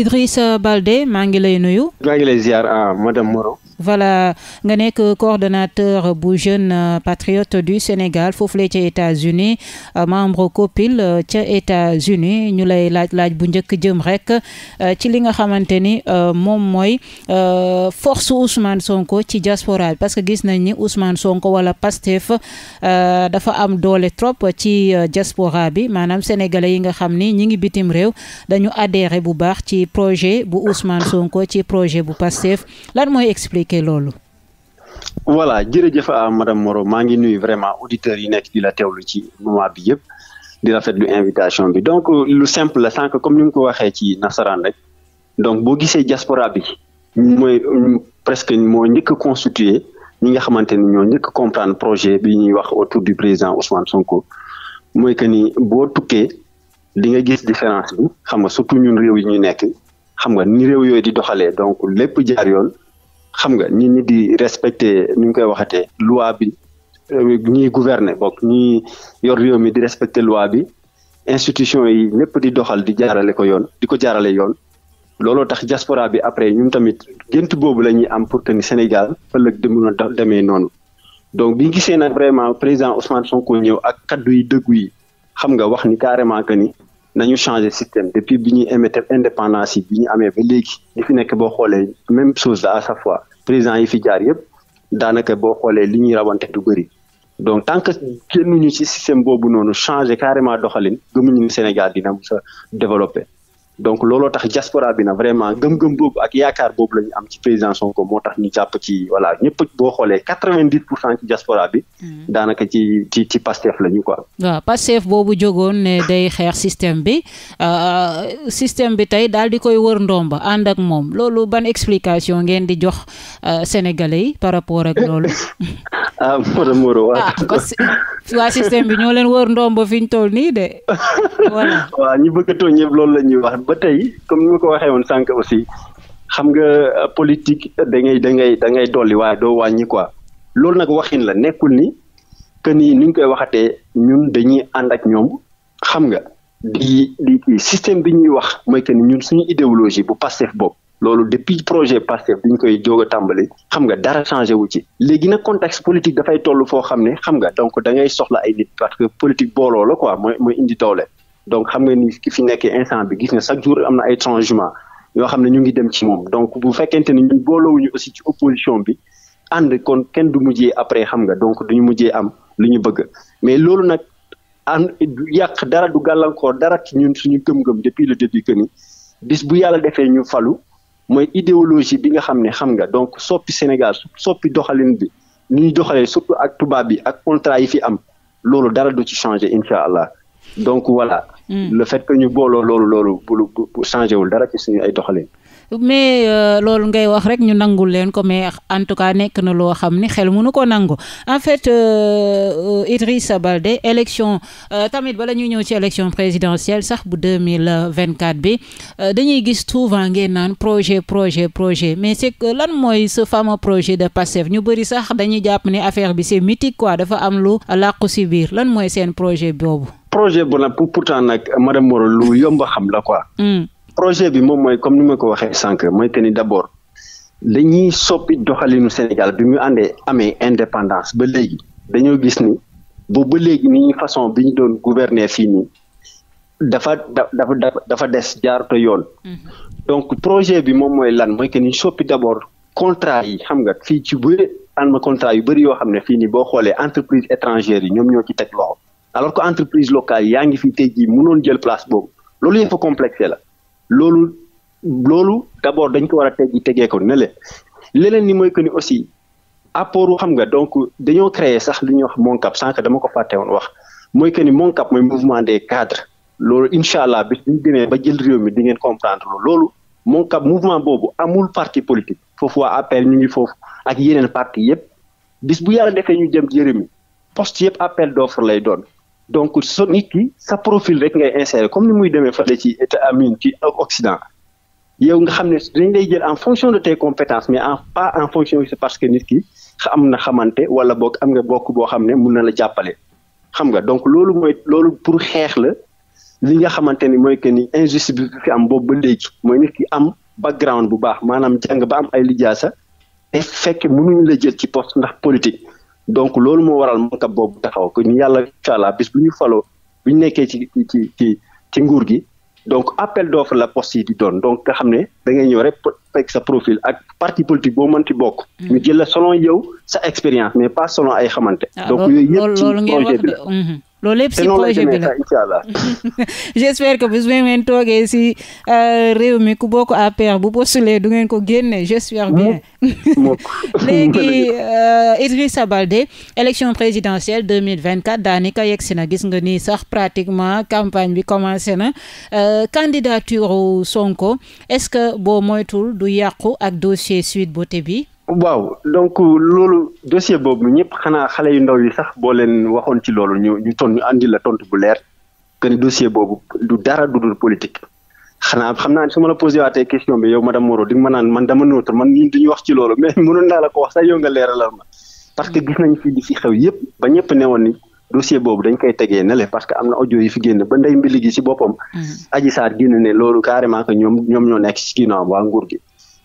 Idrissa Balde maa ngi lay nuyu. maa ngi lay ziar ah, madame Moreau. voilà nga nekk coordonnateur bu jeune patriote du Sénégal foofu foofule ca États-Unis euh, membre COPIL euh, ca États-Unis ñu lay laaj laaj bu njëkk jëm rek euh, ci li nga xamante ni moom mooy force Ousmane Sonko ci diaspora parce que gis nañu ni Ousmane Sonko wala Pastef dafa am doole trop ci diaspora bi maanaam sénégalais yi nga xam ni ñi ngi bitim réew dañu adhéré bu baax ci projet bu Ousmane Sonko ci projet bu Pastef lan mooy expliquer fekkee loolu. voilà jërëjëf à ah, madame Moreau maa ngi nuyu vraiment auditeurs yi nekk di la teew lu ci moment bi yëpp di rafetlu invitation bi donc euh, lu simple la sànq comme ni nga ko waxee ci nasaraan rek donc boo gisee diaspora bi mooy euh, presque moo njëkk a ñi nga xamante ni ñoo njëkk comprendre projet bi ñuy wax autour du président Ousmane Sonko mooy que ni boo tukkee di nga gis différence bi xam nga surtout ñun réew yi ñu nekk xam nga ni réew yooyu di doxalee donc lépp jaar yoon. xam nga ni ni di respecter ni ñu koy waxatee loi bi euh, ñiy gouverner bokk ñi yor réew mi di respecter loi bi institution yi ñëpp di doxal di jaarale ko yoon di ko jaarale yoon looloo tax diaspora bi après ñun tamit gént boobu la ñuy am pour que ni Sénégal ëllëg di mun a demee noonu donc bi gisee nag vraiment président Ousmane Sonko ñëw ak kaddu yi dëggu yi xam nga wax ni carrément que ni nañu changé système depuis bi ñuy émettre indépendance yi ñu amee ba léegi li fi nekk boo xoolee même chose la à chaque fois président yi fi jaar yëpp daanaka boo xoolee li ñuy rawante du bëri donc tant que génnuñu ci système boobu noonu changé carrément doxalin gëmuñu ni Sénégal dina mës a développé donc looloo tax diaspora bi na vraiment gëm-gëm boobu ak yaakaar boobu la ñu am ci président Sonko moo tax ñu jàpp ci voilà ñëpp boo xoolee quatre-vingt-dix pour cent ci bi. Mm. daanaka ci ci ci Pastef la ñu quoi. waaw Pastef boobu jógoon ne day xeex système bi euh, système bi tey daal di koy wër ndomba ànd ak moom loolu ban explication ngeen di jox euh, sénégalais yi par rapport ak loolu. ah Modou Modou waaw. waa système bi ñoo leen wër ndombo fi ñu toll nii de. voilà waaw ñu bëgg a tooñ ñëpp loolu la ñuy wax ba tey comme ni ma ko waxee woon sànq aussi xam nga euh, politique euh, da ngay da ngay da ngay dolli waaye doo wàññi quoi loolu nag waxin la nekkul ni que ni ni ñu koy waxatee ñun dañuy ànd ak ñoom xam nga di di système bi ñuy wax mooy que ni ñun suñu idéologie bu Pastef bopp loolu depuis projet Pastef bi ñu koy jóg a tàmbali xam nga dara changé wu ci léegi nag contexte politique dafay toll foo xam ne xam nga donc da soxla ay nit parce que politique booloo la quoi mooy mooy indi doole donc xam nga ni ki fi nekkee instant bi gis nga chaque jour am na ay changement yoo xam ne ñu ngi dem ci moom donc bu fekkente ni ñu booloowuñu aussi ci opposition bi ànd kon kenn du mujjee après xam nga donc du ñu mujjee am lu ñu bëgg mais loolu nag ànd du yàq dara du gàllankoor dara ci ñun suñu gëm-gëm depuis le début que falu mooy idéologie bi nga xam ne xam nga donc soppi Sénégal soppi doxalin bi ni ñuy doxalee surtout ak tubaab bi ak contrat yi fi am loolu dara du ci changer incha allah donc wala Mm. le fait que ñu booloo loolu loolu bu bu changé wul dara ci suñu ay doxalin. mais euh, loolu ngay wax rek ñu nangul leen ko mais en tout cas nekk na loo xam ni xel mënu ko nangu en fait euh, euh, Idrissa Balde élection tamit bala ñuy ñëw ci élection présidentielle sax bu deux mille vingt quatre bi dañuy gis souvent ngeen naan projet projet projet mais c'est que lan mooy ce fameux projet de Pastef ñu bëri sax dañuy jàpp ni affaire bi c'est mythique quoi dafa am lu làqu si biir lan mooy seen projet boobu. projet bu nag pourtant nag madame lu yomb xam la quoi. Hmm. projet bi moom mooy comme ni ma ko waxee sànq mooy que ni d' abord dañuy soppi doxalinu Sénégal bi mu àndee amee indépendance ba léegi dañoo gis ni boobu ba léegi nii façon bi ñu doon gouverner fii nii dafa dafa dafa des jaarto yoon. Mm-hmm. donc projet bi moom mooy lan mooy que ni soppi d' abord contrat yi xam nga fii ci bu am na contrat yu bëri yoo xam ne fii nii boo xoolee entreprise étrangère yi ñoom ñoo ci teg loxo alors que entreprise locale yaa ngi fi tey jii mënoon jël place boobu loolu yëpp a la. loolu loolu d'abord dañ ko war a teggi tegee ko ne leen leneen ni mooy que ni aussi apport xam nga donc dañoo créer sax lu ñuy wax MONCAP sànq dama ko fàtte woon wax mooy que ni MONCAP mooy mouvement des cadre loolu incha allah bis ñu demee ba jël réew mi di ngeen comprendre loolu MONCAP mouvement boobu amul parti politique foofu waa APR ñu ngi foofu ak yeneen parti yépp bis bu yàlla ndefee ñu jëm ci réew mi poste yépp appel d'offre lay doon donc so nit ki sa profil rek ngay insérer comme ni muy demee fale ci état amine ci Occident yow nga xam ne dañ lay jël en fonction de tes compétences mais en pas en fonction c'est parce que nit ki am na xamante wala bokk am nga bokk boo xam ne mun na la jàppale xam nga donc loolu mooy loolu pour xeex la li nga xamante ni mooy que ni injustice bi fi am boobu ba léegi mooy nit ki am background bu baax maanaam jàng ba am ay lijaasa te fekk mënuñu la jël ci poste ndax politique donc loolu moo waral man kat boobu taxaw ko ñu yàlla incha bis bu ñu faloo bu ñu nekkee ci ci ci ci nguur gi donc appel d'offre la poste yi di doon donc nga xam ne da ñëw rek fekk sa profil ak parti politique boo mënti bokk. Hmm. ñu jël la selon yow sa expérience mais pas selon ay xamante. Ah, donc yooyu yëpp ci projet bi la hmm. loolu lépp bi la j'espère que bu su ngeen toogee si euh, réew mi ku boo bokk APR bu postulee du ngeen ko génne j'espère bien léegi euh, Idrissa Balde élection présidentielle 2024 daanaka yegsi na gis nga ni sax pratiquement campagne bi commencé na euh, candidature Sonko est-ce que boo moytul du yàqu ak dossier Sweet Beauté bi waaw donc loolu dossier boobu ñëpp xanaa xale yu ndaw yi sax boo leen waxoon ci loolu ñu ñu ton ñu andi la tontu bu leer que dossier boobu du dara du dul politique. xanaa xam naa su ma la posé waatee question bi yow madame Moreau di nga ma naan man dama neutre man ñun duñu wax ci loolu mais mënoon naa la ko wax sax yow nga leeralal ma. parce que gis nañ fii di fi xew yëpp ba ñëpp ne woon ni dossier boobu dañ koy tegee ne le parce que am na audio yi fi génn ba ndey mbili gi si boppam. Mm-hmm. Adji Sarr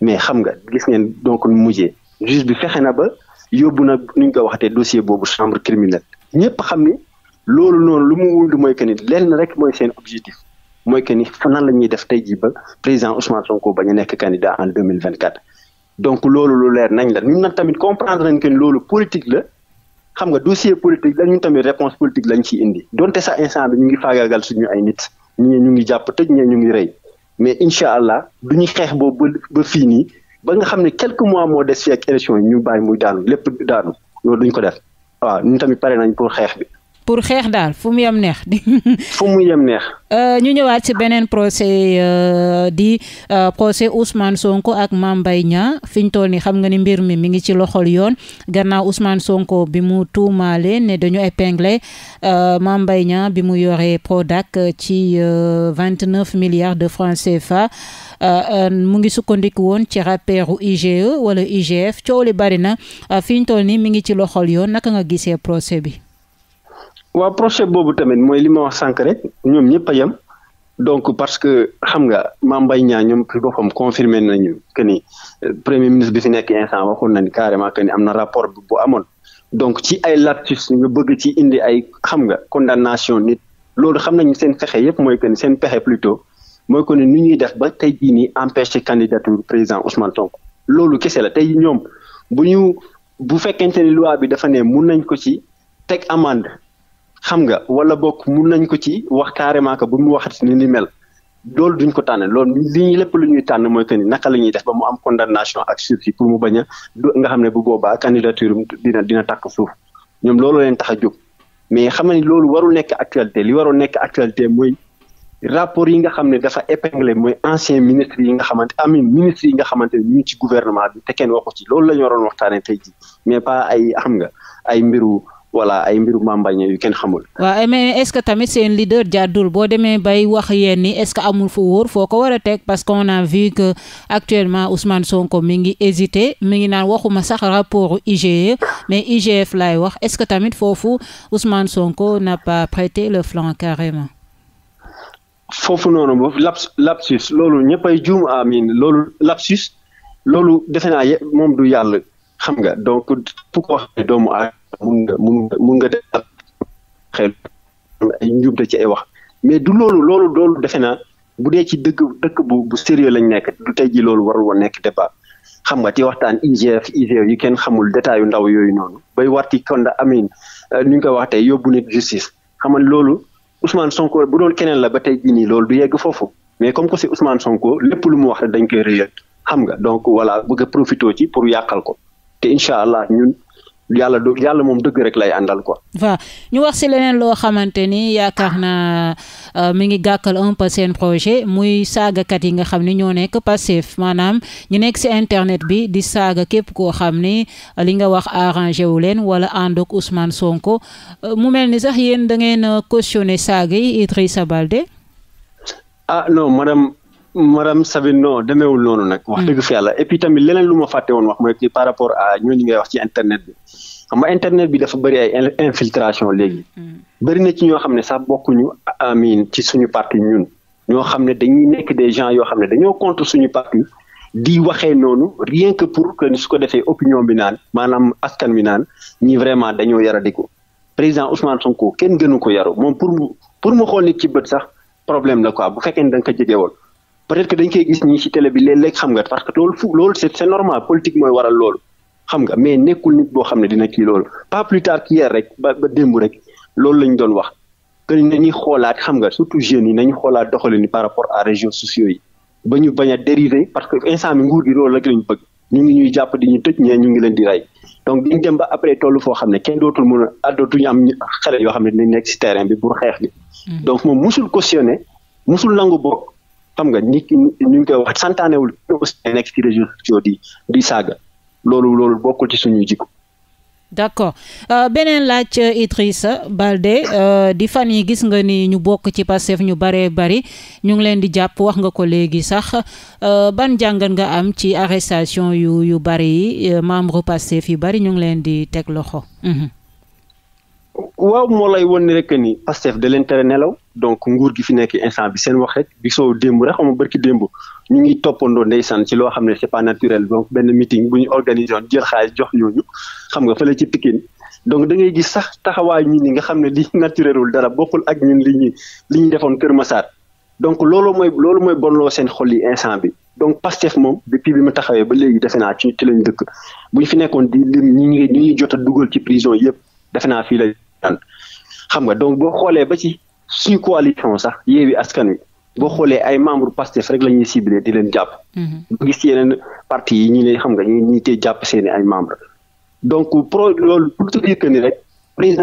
mais xam nga gis ngeen donc mujje juge bi fexe na ba yóbbu na nuñ ko waxatee dossier boobu chambre criminelle ñëpp xam ni loolu noonu lu mu wund mooy que ni lenn rek mooy seen objectif mooy que ni fanan la ñuy def tey jii ba président Ousmane Sonko bañ a nekk candidat en deux mille vingt quatre donc loolu lu leer nañ la ñun nag tamit comprendre nañ que loolu politique la xam nga dossier politique la tamit réponse politique lañ ci indi donte sax instant bi ñu ngi faagaagal suñu ay nit ñii ñu ngi jàpp tëj ñee ñu ngi rey mais incha allah du ñu xeex boobu ba ba fii nii ba nga xam ne quelques mois moo des fii ak yi ñu bàyyi muy daanu lépp daanu loolu duñ ko def waaw ñun tamit pare nañ pour xeex bi. pour xeex daal fu mu yem neex. fu mu euh, ñu ñëwaat ci beneen procès euh, di euh, procès Ousmane Sonko ak Mame Mbaye Niang fi ñu toll nii xam nga ni mbir mi mi ngi ci loxol yoon gannaaw Ousmane Sonko bi mu tuumaale ne dañu épinglé Mame Mbaye Niang bi mu yore Prodac ci vingt neuf milliards de francs CFA mu ngi sukkandiku woon ci rapport u IGE wala IGF coow li bari na fi ñu toll nii mi ngi ci loxol yoon naka nga gisee procès bi. waaw projet boobu tamit mooy li ma wax sànq rek ñoom ñëpp a yem donc parce que xam nga Mame Mbaye Niang ñoom ci boppam confirmé nañu que ni euh, premier ministre bi si nekk instant waxoon nañu carrément que ni am na rapport bu amoon donc ci ay lapsus nga bëgg ci indi ay xam nga condamnation nit loolu xam nañu seen pexe yëpp mooy que ni seen pexe plutôt mooy que ni nu ñuy def ba tey jii nii empêcher candidature président Ousmane Sonko loolu kese la tey ñoom bu ñu bu fekkente ni loi bi dafa ne mun nañ ko ci teg amende xam nga wala bokk mun nañ ko ci wax carrément que bu mu waxati ni ni mel loolu duñ ko tànn loolu li lépp lu ñuy tànn mooy que ni naka la ñuy def ba mu am condamnation ak sursis pour mu bañ a nga xam ne bu boobaa candidature dina dina takk suuf ñoom loolu leen tax a jóg mais xam nga ni loolu warul nekk actualité li warul nekk actualité mooy rapport yi nga xam ne dafa épinglé mooy ancien ministre yi nga xamante amin ministre yi nga xamante ne ñu ngi ci gouvernement bi te kenn waxu ci loolu la ñu waroon waxtaanee tey ji mais pas ay xam nga ay mbiru. voilà ay mbiru mambañe yu kenn xamul. waaw eh, mais est ce que tamit seen leader jàddul boo demee bay wax yéen ni est ce que amul fu wóor foo ko war a teg parce que on a vu que actuellement Ousmane Sonko mi ngi hésité mi ngi naan waxuma sax rapport IGE mais IGF laay wax est ce que tamit foofu Ousmane Sonko n'a pas prêté le flanc carrément. foofu noonu boobu lapsus loolu ñëppay juum amin loolu lapsus loolu defe naa moom du yàlla xam nga donc pour ko wax doomu mun nga mun mun nga def xel ay njuumte ci ay wax mais du loolu loolu loolu defe na bu dee ci dëkk dëkk bu bu sérieux lañ nekk du tey ji loolu waral woon nekk débat xam nga ci waxtaan IGF IGF yu kenn xamul détail yu ndaw yooyu noonu bay warti konda amin euh, ni ñu koy wax tey yóbbu nit justice xam loolu Ousmane Sonko bu doon keneen la ba tey jii nii loolu du yegg foofu mais comme que si Ousmane Sonko lépp lu mu wax rek dañ koy réyal xam nga donc voilà bëgg a profité ci pour yàqal ko te incha allah ñun yàlla du yàlla moom dëgg rek lay àndal ko waaw ñu wax si leneen loo xamante ni yaakaar naa uh, ngi gàkkal un seen projet muy saagakat yi nga xam ni ñoo nekk passif maanaam ñu nekk si internet bi di saaga képp koo xam ni euh, li nga wax arrangé wu leen wala ànd ak Ousmane Sonko euh, mu mel ni sax yéen da ngeen cautionné saaga yi Idrissa Balde. ah non madame madame Sabine non demeewul noonu nag. wax dëgg fi yàlla et puis tamit leneen lu ma fàtte woon wax mooy que par rapport à ñooñu ngay wax ci internet bi xam internet bi dafa bari ay infiltration léegi. Mm-hmm. bëri na ci ñoo xam ne sax bokkuñu amiin ci suñu parti ñun. ñoo xam ne dañuy nekk des gens yoo xam ne dañoo contre suñu parti di waxee noonu rien que pour que su ko defee opinion bi naan maanaam askan bi naan ñi vraiment dañoo yaradiku président Ousmane Sonko kenn gënu ko yaru moom pour mu pour mu xool nit ci bët sax problème la quoi bu fekkee ne ko jege peut-être que dañ koy gis ñii ci télé bi léeg-léeg xam nga parce que loolu c'est normal politique mooy waral loolu xam nga mais nekkul nit boo xam ne dina kii loolu pas plus tard qu'hier rek ba ba rek loolu lañ doon wax que nañuy xoolaat xam nga surtout jeunes yi nañu xoolaat doxalin par rapport à régions sociaux yi ba ñu bañ a dériver parce que instant bi nguur gi loolu rek lañu bëgg ñu ngi ñuy jàpp di ñu tëj ñu ngi leen di rey donc diñ dem ba après toll foo xam ne kenn dootul mën a ah yoo xam ne dinañ nekk ci terrain bi pour xeex bi mm-hmm. xam nga nit ki ñu koy wax santaanewul aussi nekk ci réseaux sociaux di di saaga loolu loolu bokkul ci suñu jikko d'accord euh, beneen laaj euh, Idrissa Balde euh, di fan yi gis nga ni ñu bokk ci Pastef ñu baree bari ñu ngi leen di jàpp wax nga ko léegi sax euh, ban jàngat nga am ci arrestation yu yu bari yi euh, membre Pastef yu bari ñu ngi leen di teg loxo. Mhm. waaw moo lay won rek ni Pastef da leen nelaw. donc nguur gi fi nekk instant bi seen wax rek bi soo démb rek xam bërki démb ñu ngi toppandoo ndeysaan ci loo xam ne c'est pas naturel donc benn meeting bu ñu organisé woon jël xaalis jox ñooñu xam nga fële ci Pikine donc da ngay gis sax taxawaay ñun ñi nga xam ne li naturelul dara bokkul ak ñun li ñuy li ñu defoon Kër ma Massar donc loolu mooy loolu mooy bonloo seen xol instant bi donc Pastef moom depuis bi mu taxawee ba léegi defe naa ci ci lañ dëkk bu ñu fi nekkoon di ñu ñi ngi ñi ñuy jot a ci prison yëpp defe naa fii la xam nga donc boo xoolee ba ci suñu coalition sax Yewwi Askan Wi boo xoolee ay membre Pastef rek la ñuy ciblé di leen jàpp. Mhm. gis yeneen parti yi ñu ne xam nga ñu ñi tey jàpp seen ay membre donc pro loolu pour te dire que ni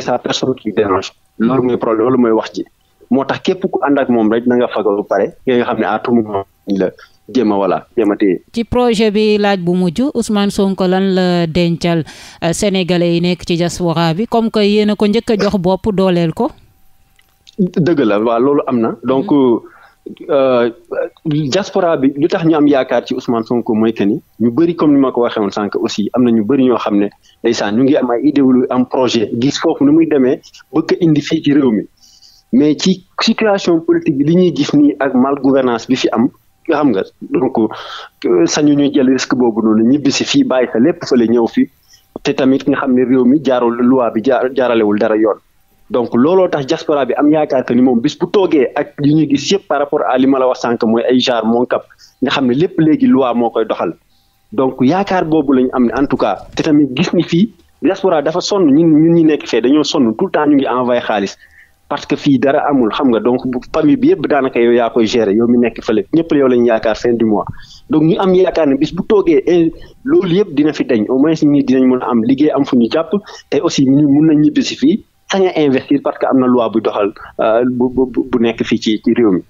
sa personne qui dérange loolu mooy wax ji moo tax képp ku ànd ak moom rek na nga fagal ba pare nga xam ne à tout moment la jéem a voilà jéem a ci projet bi laaj bu mujj Ousmane Sonko lan la dencal euh, sénégalais yi nekk ci diaspora bi comme que yéen ko njëkk a jox bopp dooleel ko. dëgg la waaw loolu am na donc mhm. euh, euh, diaspora bi lu tax ñu am yaakaar ci Ousmane Sonko mooy que ni ñu bëri comme ni ma ko waxee woon sànq aussi am na bëri ñoo xam ne ndeysaan ñu ngi am ay idéologie am projet gis foofu nu muy demee bëgg indi fii ci réew mi mais ci situation politique bi li ñuy gis nii ak mal gouvernance bi fi am nga xam nga donc euh, sañu ñu jël risque boobu noonu ñibbi si fii bàyyi sa lépp le ñëw fi te tamit nga xam ne réew mi jaarul loi bi jaaralewul dara yoon. donc looloo tax diaspora bi am yaakaar que ni moom bis bu toogee ak ñu gis yëpp par rapport à li ma la wax sànq mooy ay genre mon cap lépp léegi loi moo koy doxal donc yaakaar boobu lañ am en tout cas te tamit gis ni fii diaspora dafa ñun ñun nekk fee dañoo sonn tout le ñu ngi envoyé xaalis parce que fii dara amul xam nga donc famille bi yëpp daanaka yow yaa koy gérer yow mi nekk fële ñëpp yow lañu yaakaar fin du mois donc am yaakaar ne bis bu toogee eh, loolu yëpp dina fi dañ au moins ñi dinañ mën a am liggéey am fu ñu jàpp te aussi ñu mun nañ ñibbisi fii sañ a investir parce que am na loi bu doxal euh, bu bu nekk fii ci ci mi.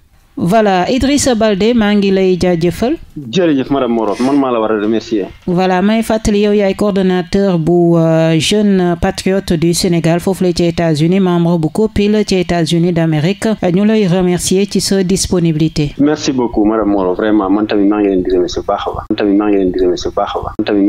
voilà Idrissa Balde maa ngi lay jaajëfal. jërëjëf madame Moreau man maa la war a remercier. voilà may fàttali yow yaay coordonnateur bu euh, jeune patriote du Sénégal foofu la ci États-Unis membre bu COPIL ci États-Unis d'Amérique ñu lay remercier ci sa disponibilité. merci beaucoup madame Moreau vraiment man tamit maa ngi leen di remercier bu baax a baax. man tamit maa ngi leen di remercier bu baax